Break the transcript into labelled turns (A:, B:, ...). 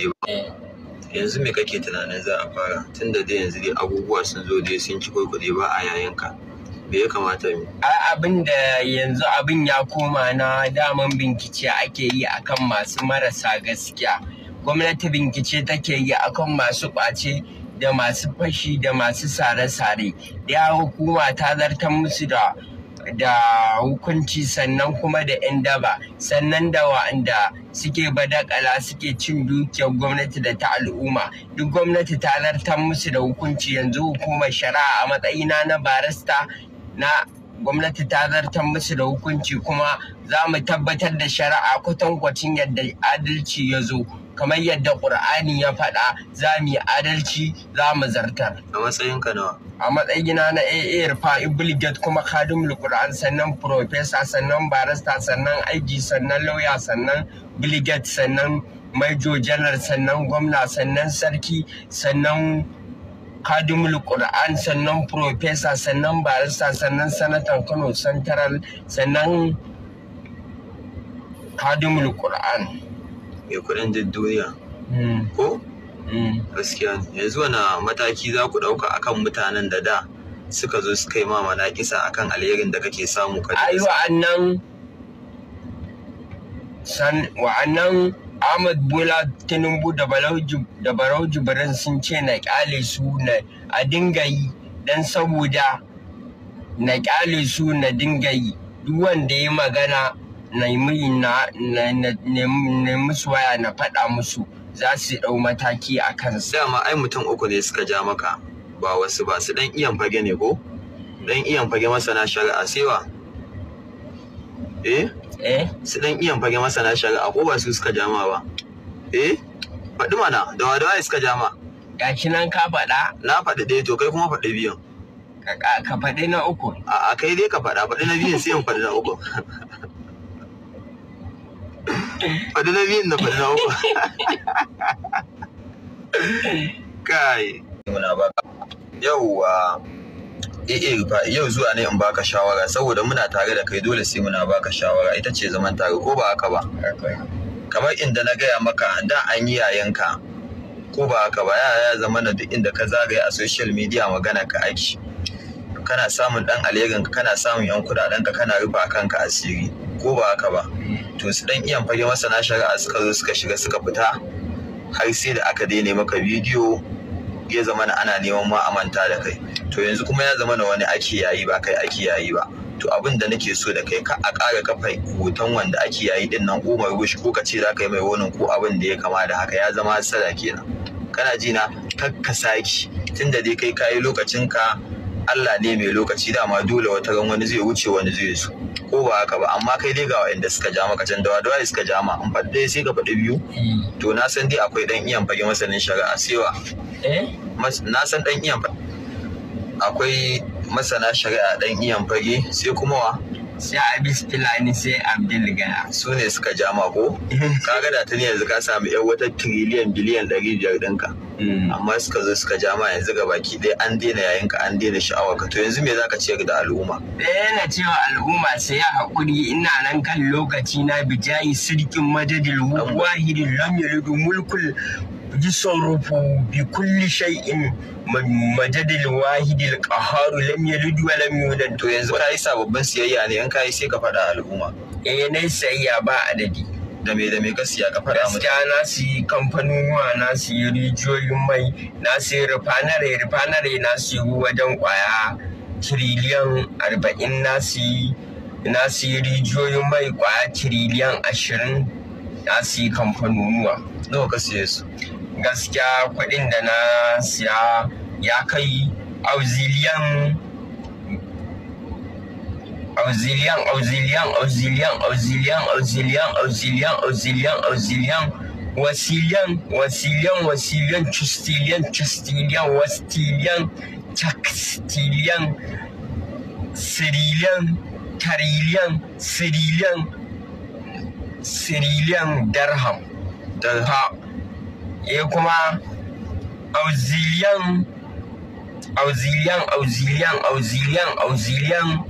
A: daidai ba yanzu me kake tunanin za a fara tunda dai yanzu dai abubuwa sun zo dai sun ci kurkuɗe ba a yayin ka me ya kamata mu A'a, abin da yanzu abin
B: ya koma na daman bincike ake yi akan masu marasa gaskiya gwamnati bincike take yi akan masu ƙwace da masu fashi da masu sare-sare ya hukuma ta zartar musu da da hukunci sannan kuma da 'yan daba sannan da wa'anda suke badakala suke cin dukiyar gwamnati da ta al'umma duk gwamnati ta zartar musu da hukunci yanzu hukumar shari'a a matsayina na barista na gwamnati ta zartar musu da hukunci kuma za mu tabbatar da shari'a kwatankwacin yadda adalci ya zo kamar yadda ƙur'ani ya faɗa za mu yi adalci za mu zartar.
A: A matsayinka nawa?
B: A matsayina na AAR Rufa kuma Kadimul Qur'an sannan Profesa sannan Barista sannan Aiki sannan Lauya sannan Bilget sannan Major Janar sannan Gwamna sannan Sarki sannan kadimul Qur'an sannan profesa sannan barista sannan sanatan Kano Central sannan
A: kadimul Qur'an mai kudin duniya hmm. ko hmm. gaskiya ne yanzu wani mataki za ku dauka akan mutanen da da suka zo suka yi ma kisa akan alherin da kake samu ka ai
B: wa'annan san wa'annan ahmad bola tinubu da barau jibrin sun ce na kyale su na a dinga yi don saboda na kyale su na dinga yi duk wanda ya magana na na musu waya na faɗa musu za su ɗau mataki a
A: su. Dama ai mutum uku ne suka ja maka ba wasu ba su ɗan iyan fage ne ko? Ɗan iyan fage masana shari'a sewa. eh eh su dan iyan fage masana nak ko ba su suka jama ba eh faɗi mana da wadawa suka jama gashi nan ka faɗa na faɗi ɗaya to kai kuma faɗi biyan ka faɗi na uku a kai dai ka faɗa faɗi na biyun sai in faɗi na uku faɗi na biyun na faɗi na uku kai yauwa Ee, eh, eh, Rufa'i yau zuwa ne in baka shawara saboda muna tare da kai dole sai muna baka shawara ita ce zaman tare ko ba haka ba kamar inda na gaya maka da an yi yayanka ko ba haka ba yaya zama na duk inda ka zagaya a social media magana ka aiki kana samun dan alherin ka kana samun yan kudaden ka kana rufa kanka asiri ko ba haka ba to su dan iyan fage masana shari'a suka zo suka shiga suka fita har sai da aka daina maka bidiyo ya zama na ana neman ma a manta da kai to yanzu kuma ya zama na wani ake yayi ba kai ake yayi ba to abin da nake so da kai ka a ƙara kafa hoton wanda ake yayi din nan Umar Bush ko ka ce za ka yi mai wani ko abin da ya kama da haka ya zama sada kenan kana ji na kakka saki tunda dai kai kayi lokacin ka Allah ne mai lokaci dama dole wata ran wani zai wuce wani zai so ko ba haka ba amma kai dai ga wanda suka ja maka can dawa dawa suka ja ma an faɗi sai ka faɗi biyu hmm. to na san dai akwai dan iyan fage masanin shari'a sewa eh? na san dan iyan akwai masana shari'a dan iyan fage sai kuma wa sai abis filani sai abdul gana su ne suka ja ma ko eh. kaga da tuni yanzu ka samu yan wata tiriliyan biliyan ɗari biyar ɗinka Mm. amma suka zo suka ja ma yanzu ga baki ɗaya an daina yayin ka an daina sha'awar ka to yanzu me ka ciyar da al'umma
B: eh na cewa al'umma sai ya hakuri ina nan kan lokaci na bijayi sirkin madadil wahidi lam yalid mulkul
A: يصرف بكل شيء مجد الواحد القهار لم wa lamya يولد to yanzu kai sababbin siyayya ne in kai sai ka faɗa al'umma eh ne siyayya ba adadi da me da me ka siya ka faɗa gaskiya
B: na siyi kamfanonuwa na siyi rijiyoyin mai na siyi rufanare rufanare na siyi wajen kwaya tiriliyan arba'in na siyi na siyi rijiyoyin mai kwaya tiriliyan ashirin na siyi kamfanonuwa nawa ka siye su gaskiya kuɗin da na siya ya kai auxilian Özilyan, Özilyan, Özilyan, Özilyan, Özilyan, Özilyan, Özilyan, Özilyan, Vasilyan, Vasilyan, Vasilyan, Çüstilyan, Çüstilyan, Vastilyan, Çakstilyan, Serilyan, Karilyan, Serilyan, Serilyan, Derham, Derha. Ya kuma Auzilyan, Auzilyan, Auzilyan, Auzilyan, Auzilyan,